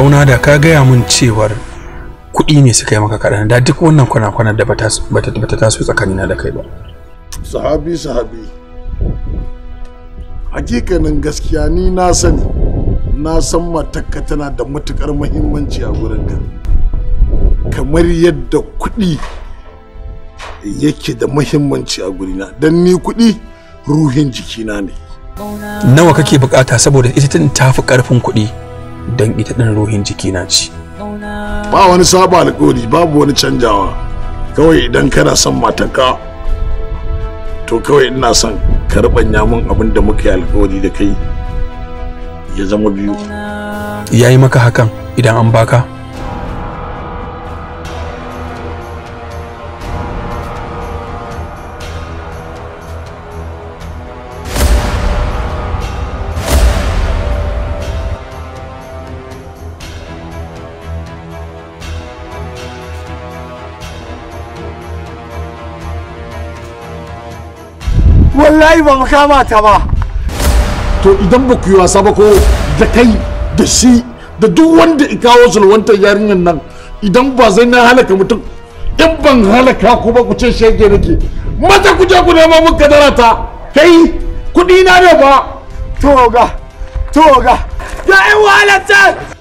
bauna da ka gaya mun cewar kuɗi ne suka yi maka kaɗan da duk wannan kwana-kwanan da bata taso tsakanina da kai ba sahabi sahabi hakikanin gaskiya ni na sani na san matakka tana da matukar muhimmanci a ka, kamar yadda kuɗi yake da muhimmanci a gurina don ni kuɗi ruhin jikina ne nawa kake bukata saboda ita tafi karfin kuɗi don ita ɗin ruhin jiki na ci ba wani saba alƙawari babu wani canjawa kawai idan kana son matanka to kawai ina son ka rubanya min abin da muka yi alƙawari da kai ya zama biyu yi maka hakan idan an baka wallahi ba makama ta ba to idan ba ku yi wasa ba ko da kai da shi da duk wanda i kawo sulwantar yarinyar nan idan ba zai na halaka mutum in ban halaka ku ba ku ce shege nake mata ku je ku nemo mun kadara ta kai kuɗi na ne ba to ga to ga ya yi wahalar